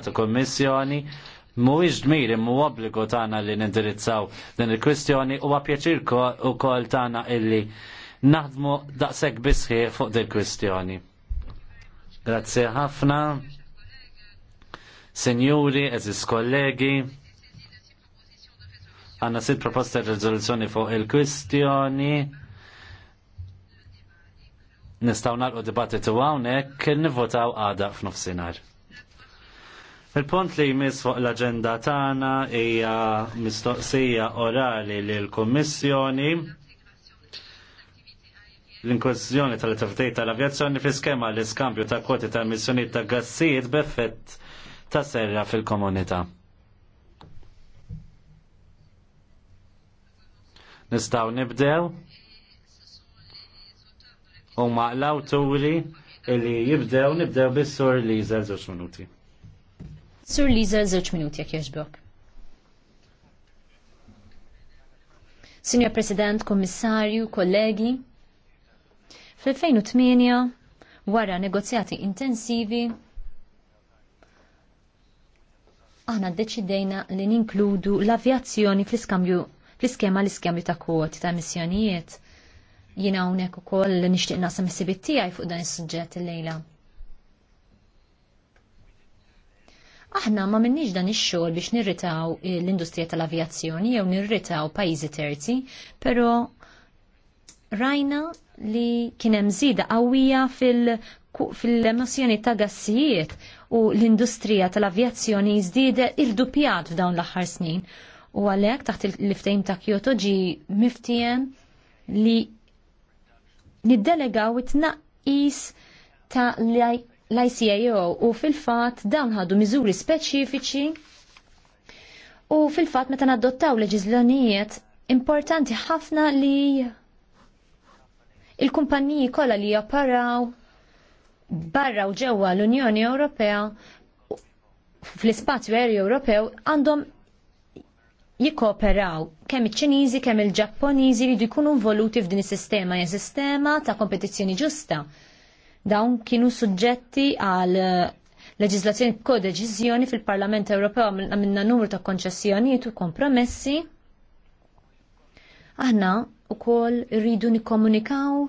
ta' kommissjoni Mhuwiex dmir mhu obbligu tagħna li nindirizzaw din il-kwistjoni huwa pjaċir ukoll tagħna illi naħdmu daqshekk bisħi fuq din il-kwistjoni. Grazzi ħafna. Senjuri, eżis kollegi, għanna sit proposta rezoluzzjoni fuq il-kwistjoni. Nistaw nalqu dibattitu għawnek, nivvotaw għada f'nofsinar. Il-punt li jmiss fuq l-agenda tagħna hija mistoqsija orali lil kummissjoni l-inklużjoni tal-attivitajiet tal-avjazzjoni fi skema l iskambju ta' kwoti ta' emissjonijiet ta' gassijiet b'effett ta' serra fil-komunità. Nistaw nibdew u ma' l-awturi li jibdew nibdew bis-sur li żewġ minuti. Sur Liza, żewġ minuti jekk jogħġbok. Signor President, Kommissarju, kollegi, fl-2008 wara negozjati intensivi aħna deċidejna li ninkludu l-avjazzjoni fl-iskambju fl-iskema l-iskambju ta' kwoti ta' missjonijiet. Jina hawnhekk ukoll nixtieq naqsam is-sibit tiegħi fuq dan is-suġġett illejla. lejla Aħna ma minnix dan ix-xogħol biex nirritaw l-industrija tal-avjazzjoni jew nirritaw pajjiżi terzi, però rajna li kien hemm żieda qawwija fil fil-emissjoni ta' gassijiet u l-industrija tal-avjazzjoni żdiedet il f'dawn l-aħħar snin. U għalhekk taħt il-liftejn ta' Kyoto ġi miftien li niddelegaw it-tnaqqis ta' l-ICAO u fil-fat dawn ħadu miżuri speċifiċi u fil-fat meta nadottaw leġizlonijiet importanti ħafna li il-kumpaniji kollha li japparaw barra u ġewwa l-Unjoni Ewropea fl-ispazju aerju Ewropew għandhom jikkooperaw kemm iċ-Ċiniżi kemm il-Ġapponiżi jridu jkunu involuti f'din is-sistema hija sistema ta' kompetizzjoni ġusta Dawn kienu suġġetti għal eh, leġislazzjoni kodeċiżjoni fil-Parlament Ewropew għamilna numru ta' konċessjonijiet u kompromessi. Aħna kol rridu nikkomunikaw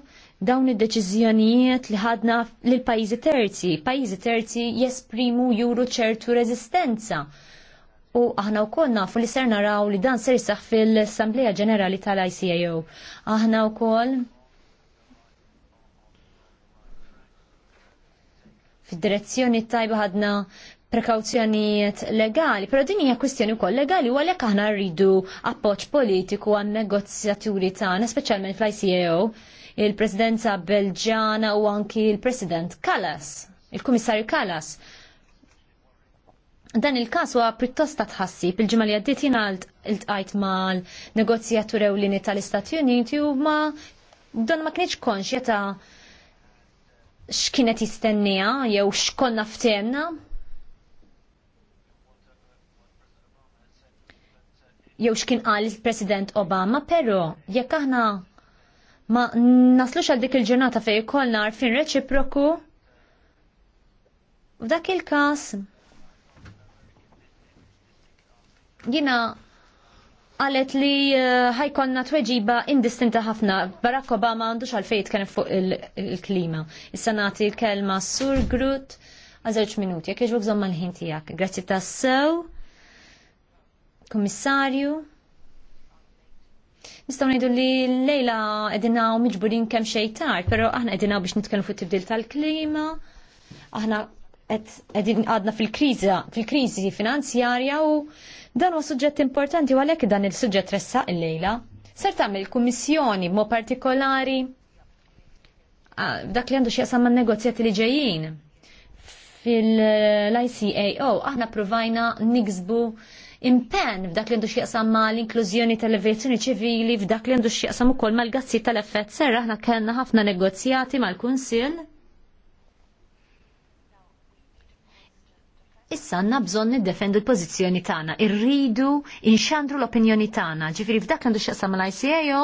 dawn id-deċiżjonijiet li ħadna lil pajjiżi terzi. Pajjiżi terzi jesprimu juru ċertu rezistenza. U aħna wkoll nafu li ser naraw li dan ser saħ fil-Assembleja Ġenerali tal-ICAO. Aħna wkoll fid-direzzjoni tajba ħadna prekawzjonijiet legali, pero din hija kwistjoni wkoll legali u għalhekk aħna rridu appoġġ politiku għan negozjaturi tagħna, speċjalment fl-ICAO, il-Presidenza Belġana u anki il-President Kallas, il-Kummissarju Kallas. Dan il-kas huwa pjuttost tħassib il-ġimgħa li għaddiet jiena tqajt mal-negozjatur ewlieni tal-Istati Uniti u ma dan ma kienx konxja ta' x'kienet jistennija jew x'konna ftehemna. Jew x'kien qal il-President Obama, però jekk aħna ma naslux għal dik il-ġurnata fejn ikollna għarfien reċiproku, f'dak il-każ jiena għalet li eh, ħajkonna tweġiba indistinta ħafna. Barack Obama għandux għalfejt kien fuq il-klima. Issa nagħti l-kelma Sur Grut għazerċ minuti. Jek iġbuk zomma mal-ħin tiegħek. Grazzi tassew. Kummissarju. Nistgħu ngħidu li lejla edinaw miġburin kem xejn tard, però aħna edinaw biex nitkellmu fuq tibdil tal-klima. Aħna għedin għadna fil kriza fil-kriżi finanzjarja u dan huwa suġġett importanti u għalhekk dan il-suġġett ressaq il-lejla. Ser tagħmel kummissjoni mo partikolari dak li għandu xieqsam man negozjati li ġejjin fil-ICAO aħna provajna niksbu impen f'dak li għandu xieqsam ma l-inklużjoni tal-avjazzjoni ċivili f'dak li għandu xieqsam ukoll mal-gazzi tal-effett serra aħna kellna ħafna negozjati mal-Kunsill issa għanna bżon niddefendu l-pozizjoni tagħna, irridu inxandru l-opinjoni tagħna. Ġifieri f'dak għandu x'jaqsam mal-ICAO,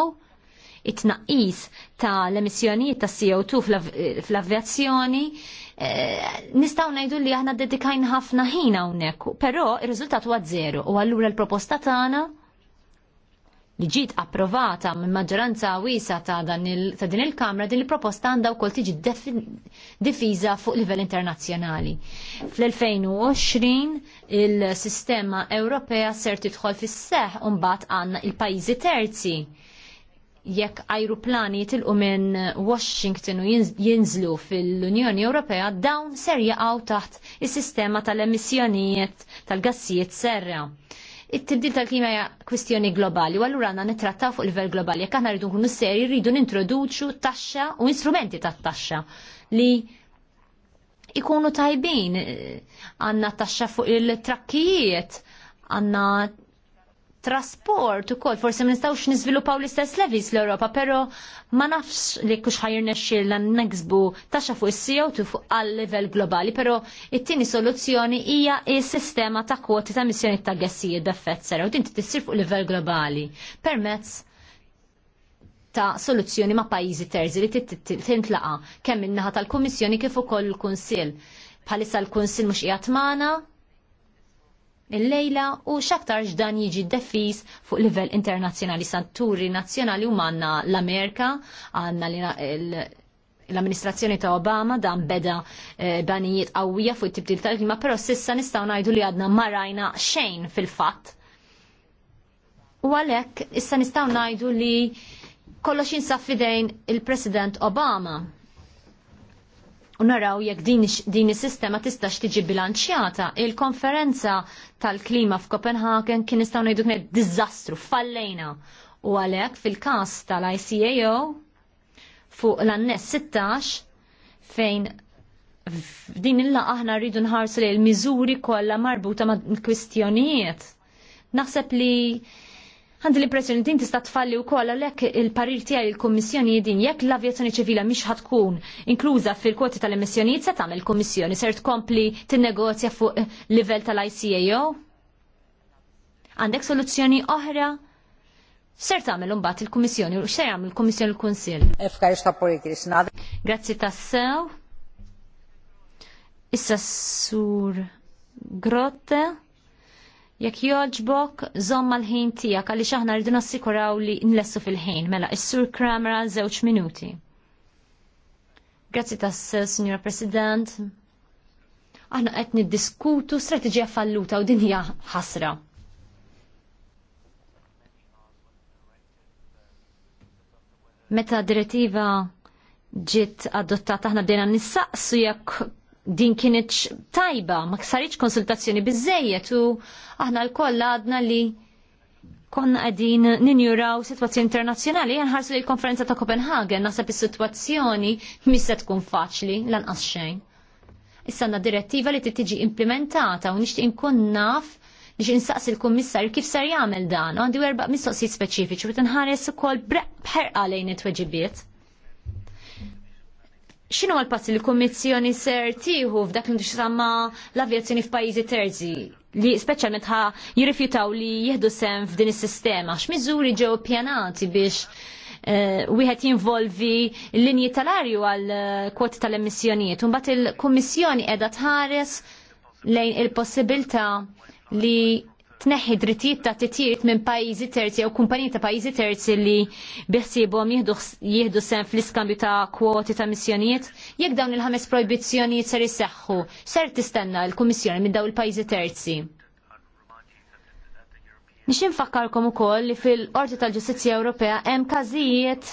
it-naqis ta' l-emissjonijiet ta' CO2 fl-avjazzjoni, eh, nistgħu nistaw najdu li aħna dedikajn ħafna ħin hawnhekk, però r riżultat huwa zero u allura l-proposta tagħna li ġiet approvata minn maġġoranza wiesa ta' ta' din il-Kamra din il-proposta għandha wkoll tiġi difiża fuq livell internazzjonali. Fl-2020 il-sistema Ewropea ser tidħol fis-seħ u mbagħad għandna il-pajjiżi terzi jekk ajruplani tilqu minn Washington u jinżlu fil-Unjoni Ewropea dawn ser jaqgħu taħt is-sistema tal-emissjonijiet tal-gassijiet serra it-tibdil tal-klima hija kwistjoni globali, u allura għandna nittrattaw fuq livell globali. Jekk aħna rridu nkunu seri, rridu nintroduċu taxxa u instrumenti tat-taxxa li ikunu tajbin. Għandna taxxa fuq il-trakkijiet, għandna trasport u kol, forse nistawx nizvilupaw l-istess levis l-Europa, pero ma nafx li kux ħajr nexxilna n-neksbu taxa fuq il-CO2 fuq għal-level globali, pero it-tini soluzzjoni hija il-sistema ta' kwoti ta' missjoni ta' d b'effett sera u din tissir fuq level globali permezz ta' soluzzjoni ma' pajjiżi terzi li tintlaqa kemm in-naħa tal-Kummissjoni kif ukoll il-Kunsill. Bħalissa l kunsil mhux qiegħed Mana il-lejla u xaktar ġdan jiġi defis fuq livell internazzjonali santuri nazzjonali u manna l-Amerika għanna l-amministrazzjoni ta' Obama dan beda eh, banijiet qawwija fuq it-tibdil tal-klima, però sissa nistgħu ngħidu li għadna marajna xejn fil-fatt. U għalhekk issa nistgħu ngħidu li kollox jinsab fidejn il-President Obama u naraw jekk din is-sistema tistax tiġi bilanċjata. Il-konferenza tal-klima f'Copenhagen kien nistgħu ngħidu kien diżastru, fallejna. U għalhekk fil-każ tal-ICAO fuq l-annes 16 fejn din illa aħna rridu nħarsu li l-miżuri kollha marbuta ma' kwistjonijiet. Naħseb li Għandi l-impressjoni din tista' tfalli wkoll għalhekk il-parir tiegħi il kummissjoni din jekk l-avjazzjoni ċivila miex ħatkun inkluża fil-kwoti tal-emissjonijiet se tagħmel kummissjoni ser tkompli negozja fuq livell tal-ICAO? Għandek soluzzjoni oħra? Ser tagħmel imbagħad il-Kummissjoni u xejn jagħmel il-Kummissjoni l-Kunsill. Grazzi tassew. Issa sur Grotte. Jekk joġbok, zomma l-ħin tijak, għalli xaħna rridu nassikuraw li nlessu fil-ħin, mela, is-sur Kramra zewċ minuti. Grazzi tas, signor President. Aħna qed niddiskutu strateġija falluta u din hija ħasra. Meta direttiva ġiet adottata aħna bdejna nissaqsu jekk din kienet tajba, ma ksarriċ konsultazzjoni bizzejiet u aħna l-koll għadna li konna għadin ninjuraw situazzjoni internazzjonali, għanħarsu li l-konferenza ta' Kopenhagen, nasab il-situazzjoni misset tkun faċli lanqas xejn. Issa għandna direttiva li tiġi implementata u nixtieq inkun naf biex insaqsi l-kummissar kif sar jagħmel dan, għandi erba' mistoqsijiet speċifiċi u tinħares ukoll bħerqa lejn it-tweġibiet xinu għal-passi li kummissjoni ser tiħu f'dak li sama l-avjazzjoni f'pajjiżi terzi li specialment ħa jirrifjutaw li jieħdu sem f'din is-sistema x'miżuri ġew pjanati biex uh, wieħed jinvolvi l-linji tal-arju għal eh, kwoti tal-emissjonijiet. Mbagħad il-Kummissjoni qiegħda tħares lejn il-possibilità li tneħħi drittijiet ta' titjiet minn pajjiżi terzi jew kumpaniji ta' pajjiżi terzi li biħsiebhom jieħdu sehem fl-iskambju ta' kwoti ta' missjonijiet, jekk dawn il-ħames projbizzjonijiet ser isseħħu, ser tistenna l-Kummissjoni minn dawn il-pajjiżi terzi. Nix infakkarkom ukoll li fil-Qorti tal-Ġustizzja Ewropea hemm każijiet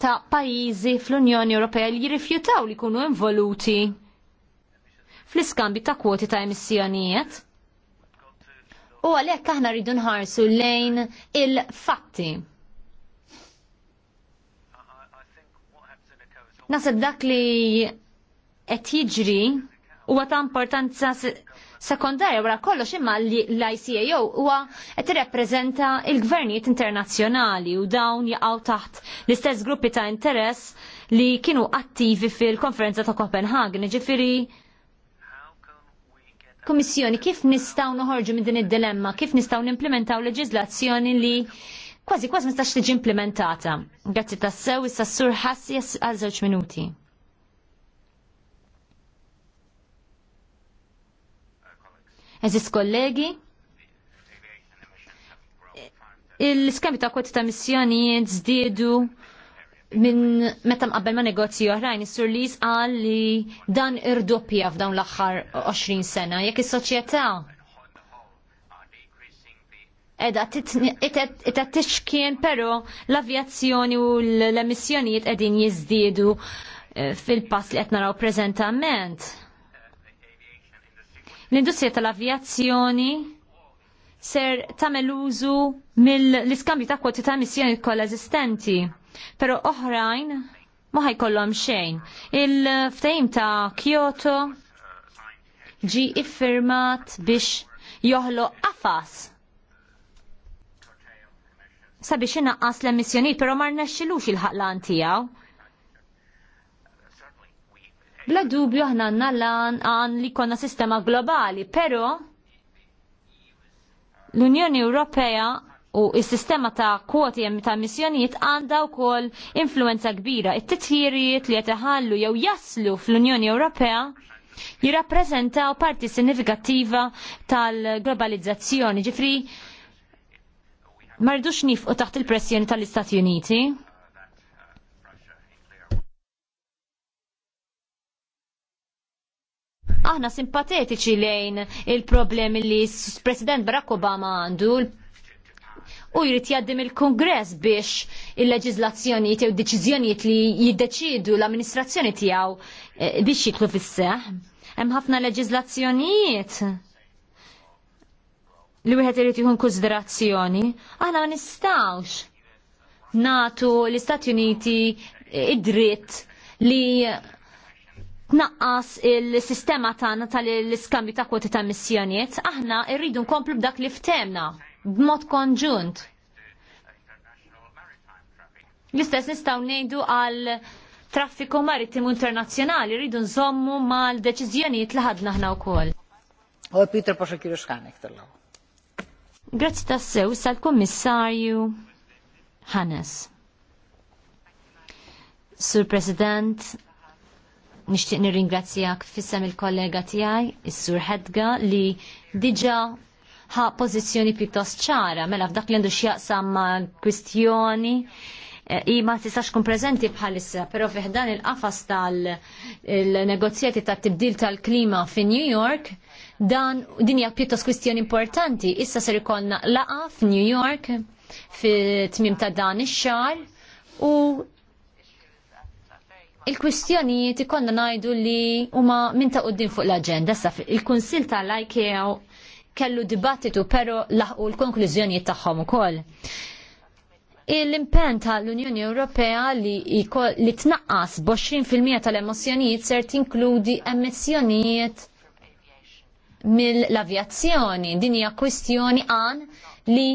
ta' pajjiżi fl-Unjoni Ewropea li jirrifjutaw li jkunu involuti fl iskambju ta' kwoti ta' emissjonijiet u għalhekk aħna rridu nħarsu lejn il-fatti. Nasib dak li qed jiġri huwa ta' importanza sekondarja wara kollox imma l-ICAO huwa qed irrappreżenta l-gvernijiet internazzjonali u dawn jaqgħu taħt l-istess gruppi ta' interess li kienu attivi fil-konferenza ta' Copenhagen, ġifiri Kommissjoni, kif nistaw noħorġu minn din id-dilemma, kif nistaw nimplementaw leġizlazzjoni li kważi kważi mistax tiġi implementata. Grazzi tassew, issa s-sur ħassi għal żewġ minuti. Eżis kollegi, il-skambi ta' kwoti ta' missjonijiet zdiedu minn meta mqabbel ma' negozji oħrajn, is-Sur li qal li dan irdoppja f'dawn l-aħħar 20 sena, jekk is-soċjetà edha ita tixkien però l-avjazzjoni u l-emissjonijiet qegħdin jiżdiedu eh, fil-pass li qed naraw preżentament. L-industrija tal-avjazzjoni ser tagħmel użu mill-iskambju ta' kwoti ta' emissjoni kollha eżistenti. Però oħrajn ma ħajkollhom xejn. Il-ftehim ta' Kyoto ġi iffirmat biex joħlo qafas sabiex inaqqas l emissjoni però ma rnexxilux il-ħaqlan tiegħu. Bla dubju aħna għanna għan li konna sistema globali, pero L-Unjoni Ewropea u s-sistema ta' kwoti jem ta' missjonijiet għanda kol influenza kbira. It-titħirijiet li jataħallu jew jaslu fl-Unjoni Ewropea jirrappreżentaw parti sinifikattiva tal-globalizzazzjoni. Ġifri, mardux nifqu taħt il-pressjoni tal-Istati Uniti. Aħna simpatetiċi lejn il-problemi li s-President Barack Obama għandu u jrid jaddim il-Kongress biex il-leġizlazzjonijiet u deċiżjonijiet li jiddeċidu l-amministrazzjoni tiegħu eh, biex jitlu fis-seħ. Hemm ħafna leġizlazzjonijiet li wieħed irid jkun konsiderazzjoni, aħna ma nistgħux natu l-Istati Uniti id-dritt li tnaqqas il-sistema tagħna tal-iskambju ta' kwoti ta' missjonijiet, aħna rridu nkomplu b'dak li ftemna b'mod konġunt. L-istess nistgħu ngħidu għal traffiku marittimu internazzjonali rridu nżommu mal-deċiżjonijiet li ħadna aħna wkoll. U Peter Pasha Kirishkanek tal-law. Grazzi tassew sal-Kommissarju Hannes. Sur President, nixtieq nirringrazzjak fissem il-kollega tiegħi, is-Sur Hedga, li diġa ħa pożizzjoni pjuttost ċara mela f'dak li għandu x'jaqsam mal kwistjoni eh, i ma tistax kun prezenti bħalissa, pero fiħdan il-qafas tal-negozjati ta' tibdil tal-klima fi New York, dan dinja pjuttost kwistjoni importanti. Issa ser ikollna laqa f'New York fi tmim ta' dan ix-xar u il-kwistjonijiet ikonna najdu li huma minn ta' qudiem fuq l-agenda. Saf il-Kunsil tal-IKEA kellu dibattitu pero laħqu l-konklużjonijiet tagħhom ukoll. L-impen tal-Unjoni Ewropea li, li tnaqqas b'20% tal emozzjonijiet ser tinkludi emissjonijiet mill-avjazzjoni. Din hija kwistjoni għan li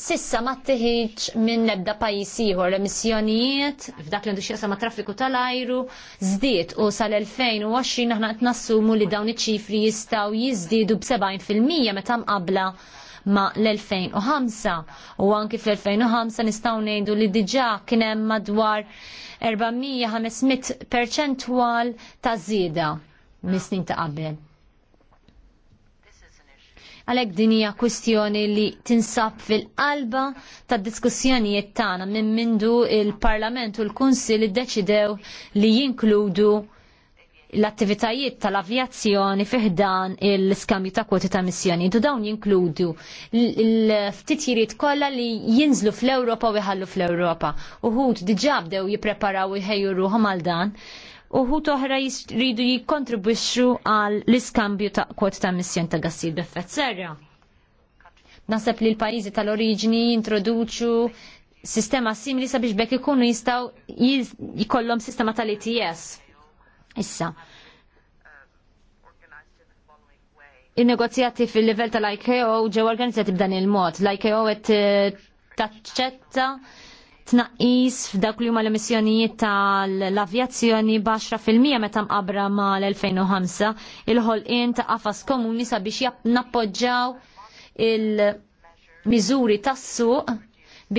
sissa ma tiħiġ minn nebda pajisiħor ieħor l-emissjonijiet f'dak li xjaqsa ma' traffiku tal-ajru zdiet u sal-2020 aħna qed nassumu li dawn iċ-ċifri jistgħu jiżdiedu b'70% meta mqabbla ma' l-2005 u anki fl-2005 nistgħu ngħidu li diġa' kien hemm madwar 400-500 perċentwal ta' żieda mis-snin ta' qabel. Għalhekk din hija li tinsab fil-qalba tad diskussjonijiet tagħna minn mindu il-Parlament u l-Kunsill deċidew li jinkludu l-attivitajiet tal-avjazzjoni fiħdan il-skambju ta' kwoti ta' missjoni. Du dawn jinkludu l-ftitjiriet kollha li jinżlu fl-Ewropa u jħallu fl-Ewropa. Uħud diġabdew bdew jippreparaw u jħejju ruħhom għal dan uħu toħra jridu jikontribwixxu għal l-iskambju ta' kwot ta' missjon ta' gassib b'effett serra. Nasab li l-pajizi tal oriġni introduċu sistema simili sabiex bekk ikunu jistaw jikollhom sistema tal-ETS. Issa. Il-negozjati fil-level tal-IKO ġew organizzati b'dan il-mod. L-IKO qed eh, taċċetta tnaqqis f'dak li huma l-emissjonijiet tal-avjazzjoni baxra fil-mija meta mqabra ma l-2005 il-ħolqien ta' qafas komuni sabiex nappoġġaw il-miżuri tas-suq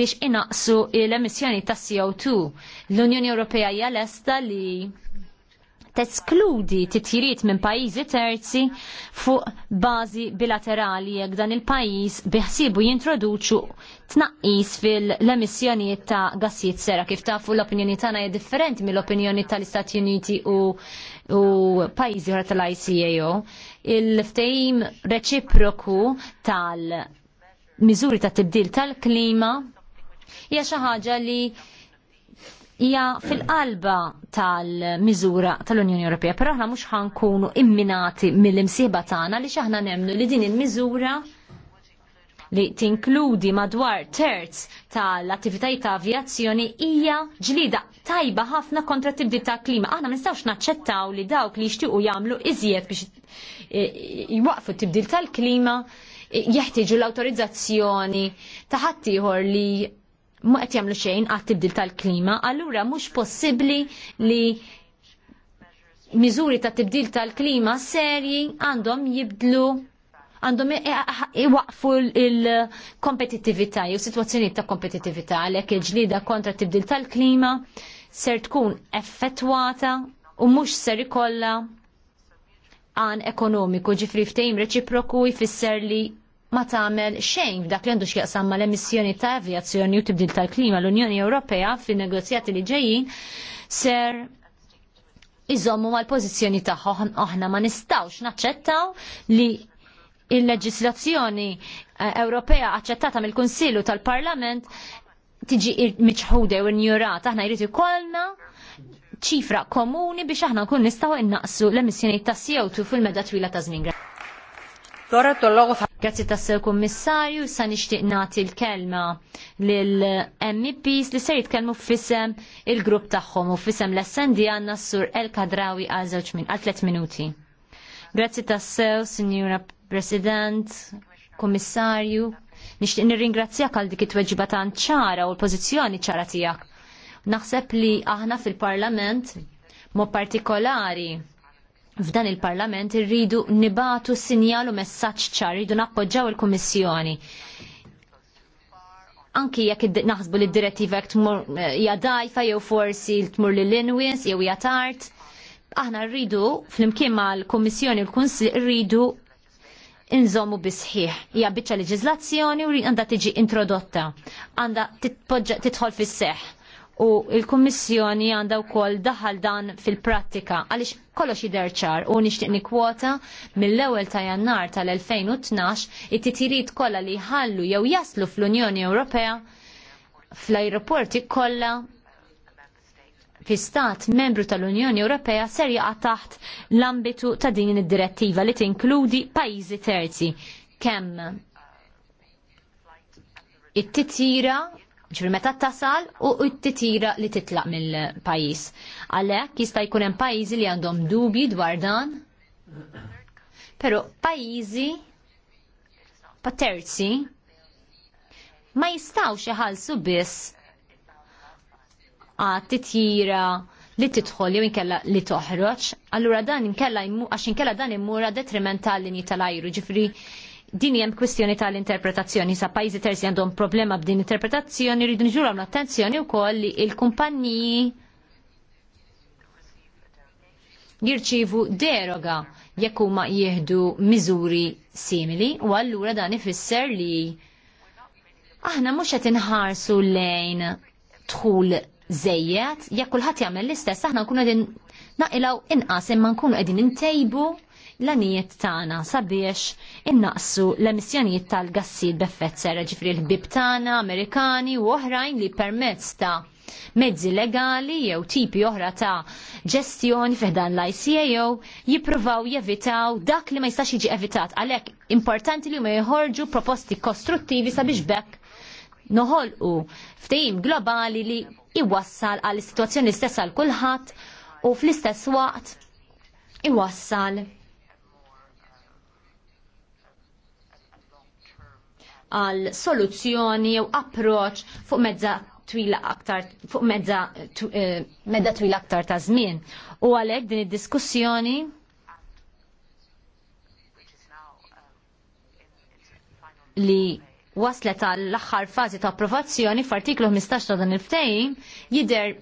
biex inaqsu l-emissjoni tas CO2. L-Unjoni Ewropea hija lesta li teskludi titjiriet minn pajjiżi terzi fuq bażi bilaterali jekk dan il-pajjiż biħsibu jintroduċu tnaqqis fil-emissjonijiet ta' gassijiet sera kif tafu l-opinjoni tagħna hija differenti mill-opinjoni tal-Istati Uniti u u pajjiżi oħra tal-ICAO. Il-ftehim reċiproku tal- miżuri ta' tibdil tal-klima hija xi ħaġa li hija fil-qalba tal-miżura tal-Unjoni Ewropea, però aħna mhux ħankunu imminati mill-imsieba tagħna li aħna nemnu li din il-miżura li tinkludi madwar terz tal-attivitajiet ta' avjazzjoni hija ġlida tajba ħafna kontra tibdi ta' klima. Aħna ma nistgħux naċċettaw li dawk li jixtiequ jagħmlu iżjed biex e, e, jwaqfu tibdil tal-klima e, jeħtieġu l-awtorizzazzjoni ta' ħaddieħor li ma qed jagħmlu xejn għat tibdil tal-klima, allura mhux possibbli li miżuri ta' tibdil tal-klima serji għandhom jibdlu għandhom iwaqfu il-kompetittività, jew situazzjoni ta' kompetittività għalhekk il-ġlida kontra tibdil tal-klima ser tkun effettwata u mhux ser ikollha għan ekonomiku ġifri ftejm reċiproku jfisser li ma tagħmel xejn f'dak li għandu x'jaqsam mal-emissjoni ta' avjazzjoni u tibdil tal-klima l-Unjoni Ewropea fin-negozjati li ġejjin ser iżommu mal-pożizzjoni tagħhom aħna ma nistgħux naċċettaw li il-leġislazzjoni eh, Ewropea aċċettata mill-Kunsillu tal-Parlament tiġi miċħuda u injurata. Aħna jrid ikollna ċifra komuni biex aħna nkun nistgħu innaqsu l-emissjoni ta' CO2 fil-meda twila ta' żmien. Grazzi tassew kummissarju, sa nixtieq nagħti l-kelma lill-MEPs li se jitkellmu f'isem il-grupp tagħhom u f'isem l-SND għandna s-sur El Kadrawi għal żewġ min għal tliet minuti. Grazzi tassew, Signora President, Kummissarju, nixtieq nirringrazzjak għal dik it-tweġiba ċara u l-pożizzjoni ċara tiegħek. Naħseb li aħna fil-Parlament mo partikolari f'dan il-Parlament irridu nibatu sinjalu messaġġ ċar, irridu nappoġġaw il-Kummissjoni. Anki jekk naħsbu li d-direttiva jekk tmur eh, dajfa jew forsi tmur lil inwies jew hija tard, aħna rridu flimkien mal-Kummissjoni u l-Kunsill rridu inżommu bisħiħ. Hija biċċa leġiżlazzjoni u għandha tiġi introdotta, għandha titħol fis-seħħ u il-Kummissjoni għandha wkoll daħal dan fil-prattika għaliex kollox jidher ċar u nixtieq nikwota mill-ewwel ta' Jannar tal-2012 it titirit kollha li jħallu jew jaslu fl-Unjoni Ewropea fl-ajruporti kollha fi stat membru tal-Unjoni Ewropea ser jaqa' taħt l-ambitu ta' din id-direttiva li tinkludi pajjiżi terzi kemm it-titjira ġifir meta tasal u t-titira li titlaq mill-pajis. Għalek jista' jkun hemm pajjiżi li għandhom dubji dwar dan. Pero pajjiżi paterzi ma jistaw iħallsu biss għat titira li tidħol jew inkella li toħroġ, allura dan inkella għax inkella dan immura detrimentali tal-ajru, ġifri din hemm kwistjoni tal-interpretazzjoni sa pajjiżi terzi għandhom problema b'din interpretazzjoni rridu nġuru l-attenzjoni wkoll li il kumpanniji jirċivu deroga jekk huma jieħdu miżuri simili u allura dan ifisser li aħna mhux qed inħarsu lejn tħul żejjed jekk kulħadd jagħmel l-istess aħna nkunu qegħdin naqilgħu inqas imma nkunu qegħdin intejbu l-anijiet tagħna sabiex innaqsu l-emissjonijiet tal-gassijiet b'effett serra ġifri l-ħbib tagħna, Amerikani u oħrajn li permezz ta' mezzi legali jew tipi oħra ta' ġestjoni fiħdan l-ICAO jippruvaw jevitaw dak li ma jistax jiġi evitat għalhekk importanti li ma jħorġu proposti kostruttivi sabiex bekk noħolqu ftehim globali li iwassal għal situazzjoni stessa għal kulħadd u fl-istess waqt iwassal għal soluzzjoni jew approċ fuq mezza twila aktar fuq mezza eh, medda twila aktar ta' żmien. U għalhekk din id-diskussjoni li waslet għall aħħar fażi ta' approvazzjoni f'artiklu 15 ta' dan il-ftehim jidher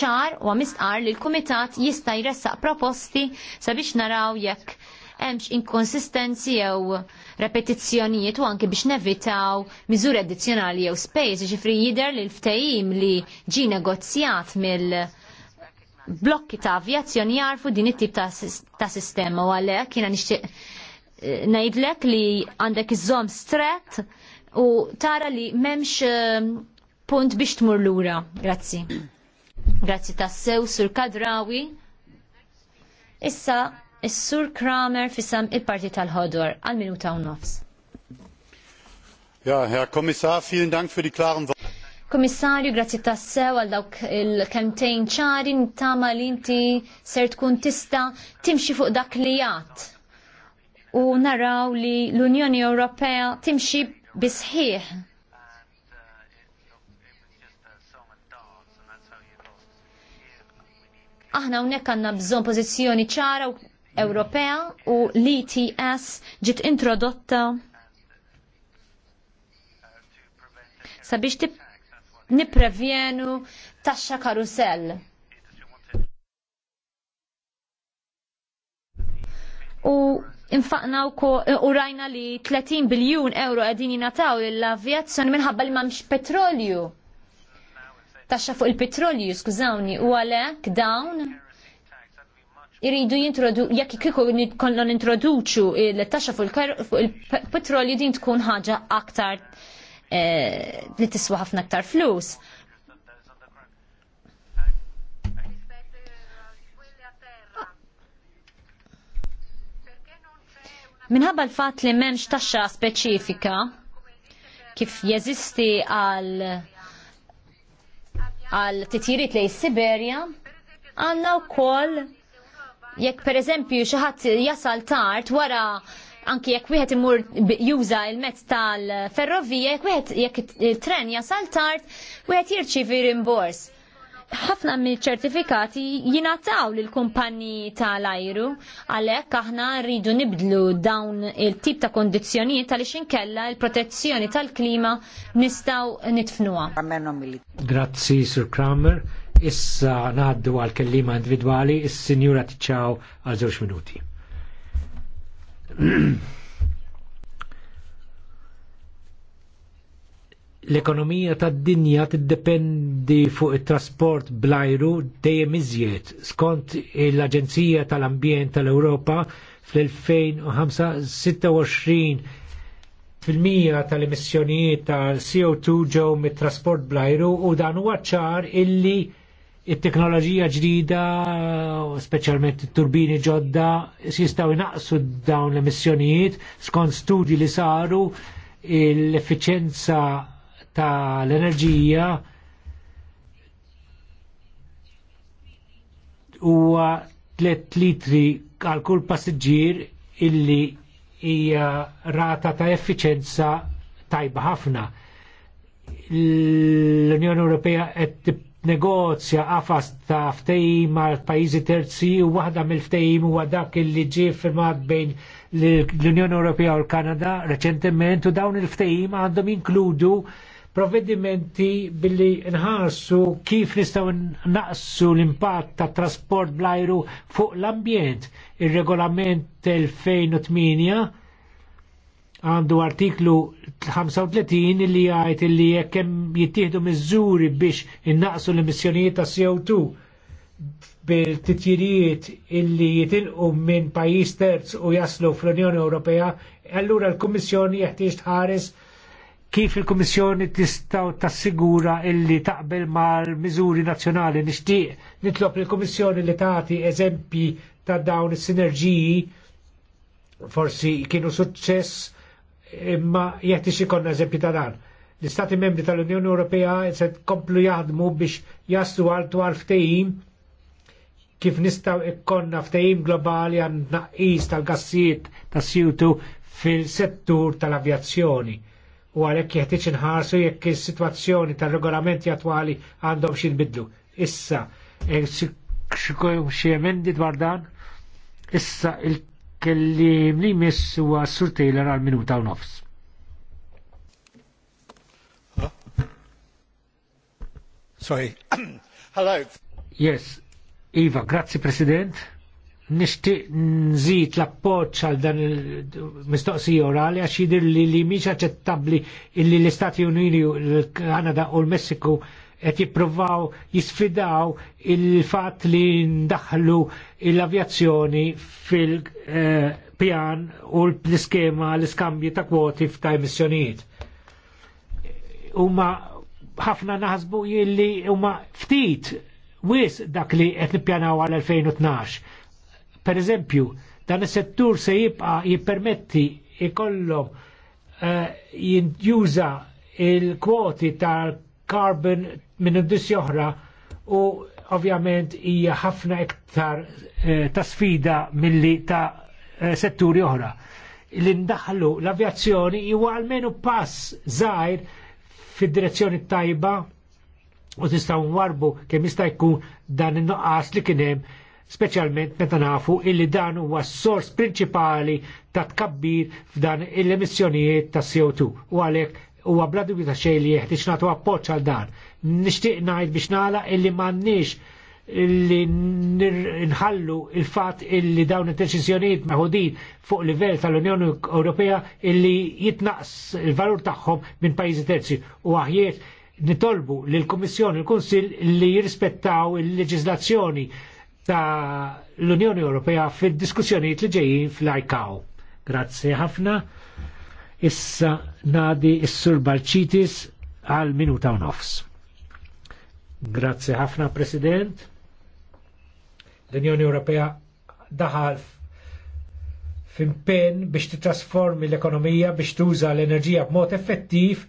ċar u għamistqar li l-Kumitat jista' jressaq proposti sabiex naraw jekk hemmx inkonsistenzi jew repetizzjonijiet u anke biex nevitaw miżuri addizzjonali jew space ġifri jidher li l-ftehim li ġi negozjat mill blokki ta' avjazzjoni jarfu din it-tip ta' sistema u għalhekk kiena nixtieq eh, ngħidlek li għandek iż strett u tara li m'hemmx eh, punt biex tmur lura. Grazzi. Grazzi tassew sur Kadrawi. Issa Is-Sur Kramer fisam il-Parti tal-Ħodor għal minuta u nofs. Ja, Herr Kommissar, vielen Dank für die klaren Worte. Kommissarju, grazzi tassew għal dawk il-kemtejn ċari ntama li inti ser tkun tista timxi fuq dak li jgħat. U naraw li l-Unjoni Ewropea timxi bisħiħ Aħna unnek għanna bżon pozizjoni ċara u Ewropea u l-ETS ġiet introdotta sabiex niprevjenu taxxa karusell. U infaqna u rajna li 30 biljun euro għedin jinataw l-avjazzjoni minħabba li mamx petrolju. Taxxa fuq il-petrolju, skużawni, u għalek dawn iridu jintrodu, jekk kiku konna introduċu il-taxxa fuq il-petrolju din tkun ħaġa aktar eh, li tiswa ħafna aktar flus. Minħabba l-fat li menx taxxa speċifika kif jeżisti għal għal titjiriet li Siberja, għanna u jekk pereżempju xi ħadd jasal tard wara anki jekk wieħed imur juża il-mezz tal-ferrovija, jekk wieħed jekk il-tren jasal tard, wieħed jirċievi rimbors. Ħafna mill ċertifikati jingħataw lill kumpanji tal-ajru għalhekk aħna rridu nibdlu dawn il-tip ta' kondizzjonijiet għaliex inkella l-protezzjoni tal-klima nistgħu nitfnuha. Grazzi Sir Kramer. Issa ngħaddu għal kellima individwali, il sinjura tiċċaw għal żewġ minuti. L-ekonomija tad-dinja tiddependi fuq it-trasport blajru dejjem iżjed. Skont l-Aġenzija tal-Ambjent tal-Ewropa fl 2025 26 tal tal-emissjonijiet tal-CO2 ġew mit-trasport blajru u dan huwa ċar illi it-teknoloġija ġdida, speċjalment turbini ġodda, jistgħu inaqsu dawn l-emissjonijiet skont studji li saru l-effiċenza tal-enerġija huwa 3 litri għal kull passiġġier illi hija rata ta' effiċenza tajba ħafna. L-Unjoni Ewropea qed negozja għafas ta' ftejim ma' pajizi terzi u waħda mill-ftejim huwa dak li ġie firmat bejn l-Unjoni Ewropea u l-Kanada reċentement u dawn il-ftejim għandhom inkludu provvedimenti billi nħarsu kif nistgħu naqsu l-impatt ta' trasport blajru fuq l-ambjent. Ir-regolament 2008 għandu artiklu 35 li jgħid li jekk hemm jittieħdu miżuri biex innaqsu l-emissjonijiet ta' CO2 bil-titjirijiet illi jitilqu minn pajjiż terz u jaslu fl-Unjoni Ewropea, allura l-Kummissjoni jeħtieġ tħares kif il-Kummissjoni tistgħu tassigura illi taqbel mal-miżuri nazzjonali nixtieq nitlob il-Kummissjoni li tagħti eżempji ta' dawn is-sinerġiji forsi kienu suċċess imma jekk ikonna eżempju ta' dan. L-Istati membri tal-Unjoni Ewropea se tkomplu jaħdmu biex jaslu għal twal ftehim kif nistaw ikkonna ftehim globali għan naqis tal-gassijiet ta' CO2 fil-settur tal-avjazzjoni. U għalhekk jeħtieġ inħarsu jekk is-sitwazzjoni tal-regolamenti attwali għandhom xi nbidlu. Issa, eh, xi emendi dwar dan? Issa il kelli li miss għassur Taylor għal minuta u nofs. Sorry. Hello. Yes. Iva, grazzi President. Nishti nżid l-appoċ għal dan il mistoqsi orali għax jidir li li miex aċċettabli illi l-Istati Uniti, l-Kanada u l-Messiku qed jippruvaw jisfidaw il-fatt li ndaħlu l-avjazzjoni fil-pjan u l-iskema l-iskambji ta' kwoti f'ta' emissjonijiet. Huma ħafna naħsbu li huma ftit wis dak li qed nippjanaw għal 2012. Per eżempju, dan is-settur se jibqa' jippermetti ikollhom uh, eh, jintuża il-kwoti tal carbon minn indussi oħra u ovvjament hija ħafna iktar eh, ta' sfida milli ta' eh, setturi oħra. L-indaħlu l-avjazzjoni huwa almenu pass żgħir fid-direzzjoni tajba u tista' nwarbu kemm jista' jkun dan in-noqqas li kien hemm speċjalment meta nafu illi dan huwa s-sors prinċipali ta' tkabbir f'dan l-emissjonijiet ta' CO2 u għalhekk u għabla dubju ta' xej li jeħtieġ nagħtu appoġġ għal dan. Nixtieq ngħid biex nala illi m'għandniex li nħallu il-fat illi dawn il-deċizjoniet meħudin fuq livell tal-Unjoni Ewropea illi jitnaqs il-valur tagħhom minn pajjiżi terzi u aħjiet nitolbu li l-Kommissjoni, l kunsill li jirrispettaw il-leġizlazzjoni ta' l-Unjoni Ewropea fid-diskussjonijiet li ġejjin fl-ICAO. Grazzi ħafna. Issa nadi s-sur Balċitis għal minuta u nofs. Grazzi ħafna, President. L-Unjoni Ewropea daħal f'impenn biex titrasformi l-ekonomija biex tuża l-enerġija b'mod effettiv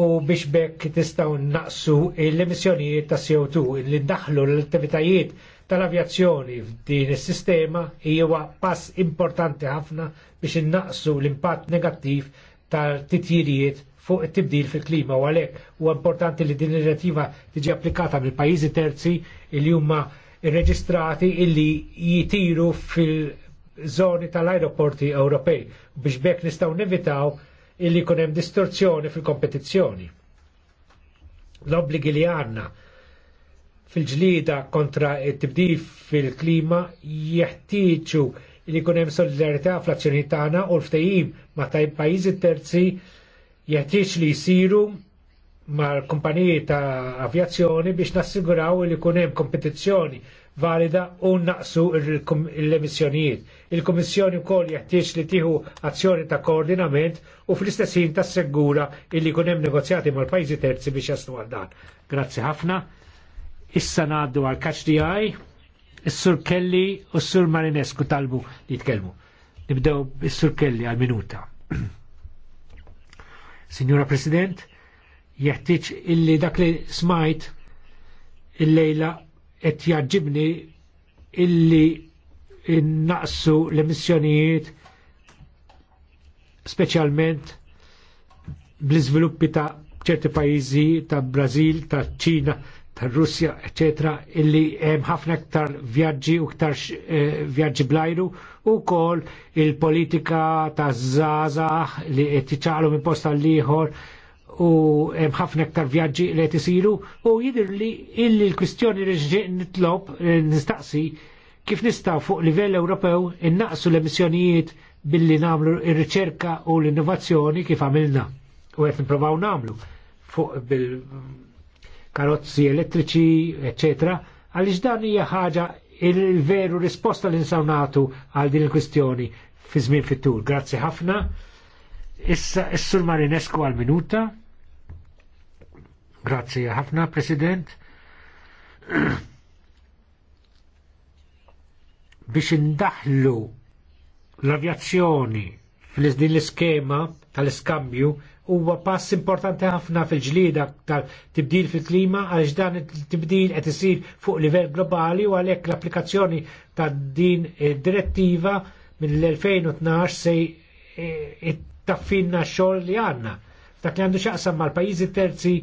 u biex bekk tistaw naqsu l-emissjonijiet ta' CO2 li daħlu l-attivitajiet tal-avjazzjoni f'din is-sistema huwa pass importanti ħafna biex innaqsu l-impatt negattiv tal-titjirijiet fuq it-tibdil fil-klima u għalhekk huwa importanti li din ir-direttiva tiġi applikata mill-pajjiżi terzi li huma irreġistrati illi jitiru fil-żoni tal ajruporti Ewropej biex bekk nistgħu nevitaw illi jkun hemm distorzjoni fil-kompetizzjoni. L-obbligi li għandna fil-ġlida kontra t-tibdil fil-klima jeħtieġu li jkun hemm solidarità fl-azzjoni tagħna u l-ftehim ma' pajjiżi terzi jeħtieġ li jsiru mal kumpaniji ta' avjazzjoni biex nassiguraw li jkun hemm kompetizzjoni valida u naqsu l-emissjonijiet. Il-Komissjoni wkoll jeħtieġ li tieħu azzjoni ta' koordinament u fl-istessin ta' segura illi jkun hemm negozjati mal-pajjiżi terzi biex jastu għal dan. Grazzi ħafna. Issa ngħaddu għal KHDI, di is-Sur Kelly u s-Sur Marinescu talbu li jitkellmu. Nibdew is-Sur Kelly għal minuta. Signora President, jeħtieġ illi dak li smajt il-lejla et jaġibni illi naqsu l-emissjonijiet speċjalment bl-iżviluppi ta' ċerti pajjiżi ta' Brażil, ta' Ċina, ta' Russja, eccetera, illi hemm ħafna iktar vjaġġi u iktar eh, vjaġġi blajru u kol il-politika ta' zazax li qed tiċaqlu minn posta l-ieħor u hemm ħafna aktar vjaġġi li qed isiru u jidher li illi l-kwistjoni li ġej nitlob eh, nistaqsi kif nistgħu fuq livell Ewropew innaqsu l-emissjonijiet billi nagħmlu r-riċerka u l-innovazzjoni kif għamilna u qed nippruvaw nagħmlu fuq bil karozzi elettriċi, eccetera, għaliex dan hija ħaġa il-veru risposta li nagħtu għal din il-kwistjoni fi żmien fit-tul. Grazzi ħafna. Issa, s-sur Marinesku għal-minuta. Grazzi ħafna, President. Biex indaħlu l-avjazzjoni fil izdin l-iskema tal-iskambju huwa pass importanti ħafna fil-ġlida tal-tibdil fil-klima għaliex dan il tibdil qed isir fuq livell globali u għalhekk l-applikazzjoni ta' din direttiva mill-2012 se taffinna xogħol li għandna. Dak li għandu x'aqsam mal-pajjiżi terzi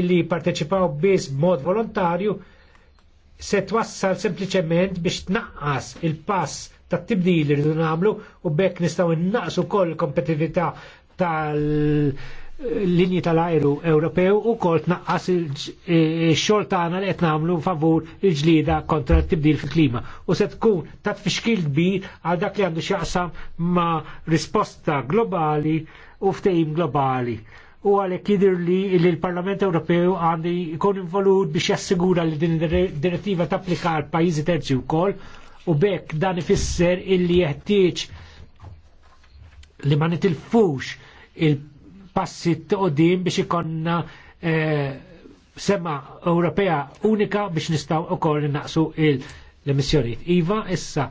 illi parteċipaw biss b'mod volontarju se twassal sempliċement biex tnaqqas il-pass ta' tibdil li rridu nagħmlu u bekk nistgħu innaqsu koll kompetitività tal-linji tal-ajru Ewropew u koll tnaqqas il-xogħol tagħna li qed nagħmlu favur il-ġlida kontra t-tibdil fil-klima. U se tkun ta' tfixkil kbir għal dak li għandu x'jaqsam ma' risposta globali u ftehim globali u għalhekk jidher li l-Parlament Ewropew għandi jkun involut biex jassigura li din direttiva tapplika għal pajjiżi terzi wkoll u bekk dan ifisser illi jeħtieġ li ma nitilfux il-passi t-qoddim biex ikonna eh, sema Ewropea unika biex nistaw u kol naqsu l-emissjoniet. Iva, issa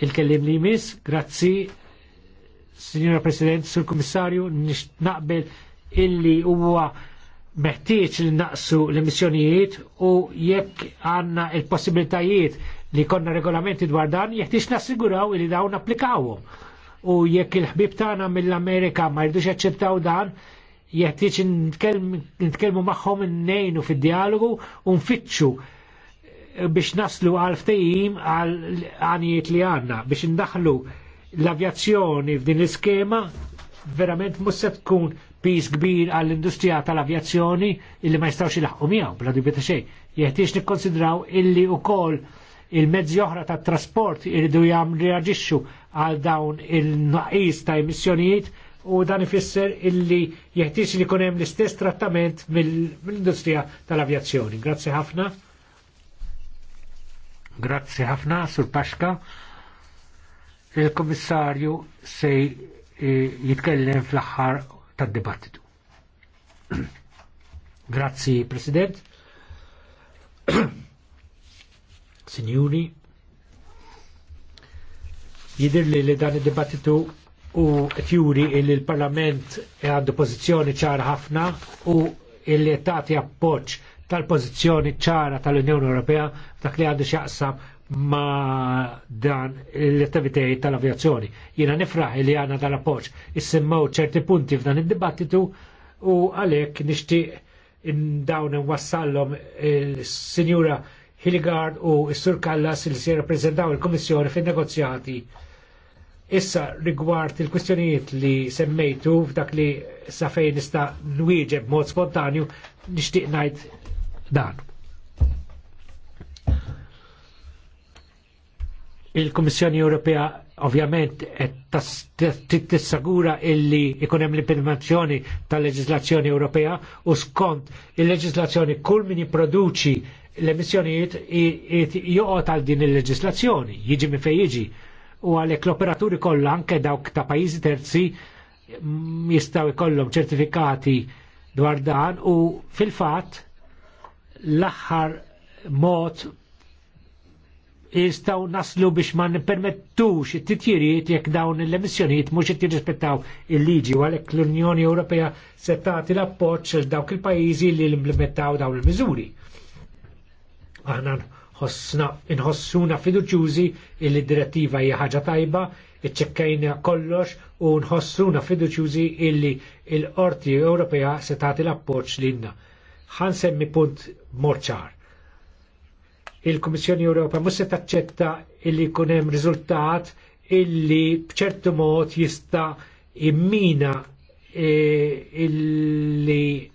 il-kellim li jmiss, grazzi, Signora President, Sur Komissarju, naqbel illi huwa meħtieġ li naqsu l-emissjonijiet u jekk għanna il-possibilitajiet li konna regolamenti dwar dan, jeħtieġ nassiguraw li dawn applikawhom. U jekk il-ħbib tagħna mill-Amerika ma jridux jaċċettaw dan, jeħtieġ nitkellmu magħhom innejnu fid-dialogu u nfittxu eh, biex naslu għal ftejim għal għanijiet li għanna biex ndaħlu l-avjazzjoni f'din l-iskema verament mhux se tkun pis kbir għall-industrija tal-avjazzjoni illi ma jistawx ilaħqu miegħu bla dubju ta' xejn. Jeħtieġ nikkonsidraw illi wkoll il-mezzi oħra tat trasport iridu jam reaġixxu għal dawn il-naqis ta' emissjonijiet u dan ifisser illi jeħtieġ li jkun hemm l-istess trattament mill-industrija tal-avjazzjoni. Grazzi ħafna. Grazzi ħafna sur Paxka. Il-Komissarju se eh, jitkellem fl-aħħar tad-dibattitu. Grazzi, President. Signori, jidir li li dan id-dibattitu u tjuri il il parlament għandu pozizjoni ċara ħafna u il-li tati appoċ tal-pozizjoni ċara tal-Unjoni Ewropea dak li għandu xaqsam ma dan l-attivitajiet tal-avjazzjoni. Jiena nifraħ li għana tal appoċ jissimmaw ċerti punti f'dan id-dibattitu u għalek nishtiq dawn wassallom il-Sinjura Hilligard u s-Sur Kallas il si rappresentaw il-Komissjoni fin negozjati Issa rigward il-kwestjonijiet li semmejtu f'dak li safejn nista' nwieġeb mod spontanju nixtieq ngħid dan. il kommissjoni Ewropea ovvjament tissagura illi ikun hemm l-implementazzjoni tal-leġislazzjoni Ewropea u skont il-leġislazzjoni kull min jipproduċi l-emissjonijiet joqgħod għal din il-leġislazzjoni, jiġi minn fejn jiġi. U għalhekk l-operaturi kollha anke dawk ta' pajjiżi terzi mm, jistgħu jkollhom ċertifikati dwar dan u fil-fatt l-aħħar mod jistaw naslu biex ma nipermettux it-titjiriet jekk dawn l-emissjonijiet mhux qed il-liġi għalhekk l-Unjoni Ewropea se tagħti l-appoġġ għal dawk il-pajjiżi li l-implementaw dawn il-miżuri. Aħna nħossuna inħossuna fiduċjużi li d-direttiva hija ħaġa tajba, iċċekkajna kollox u nħossuna fiduċjużi illi l-Qorti Ewropea se tagħti l-appoġġ lilna. Ħansemmi punt morċar il-Komissjoni Ewropa mhux se taċċetta illi jkun hemm riżultat illi b'ċertu mod jista' immina e, illi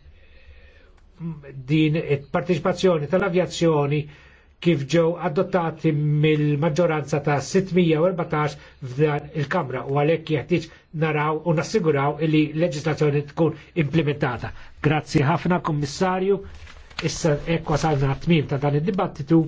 din it-partiċipazzjoni tal-avjazzjoni kif ġew adottati mill-maġġoranza ta' 614 f'dan il-Kamra u għalhekk jeħtieġ naraw u nassiguraw li l leġislazzjoni tkun implementata. Grazzi ħafna, Kummissarju. Issa ekku għasalna għat-tmim ta' dan id-dibattitu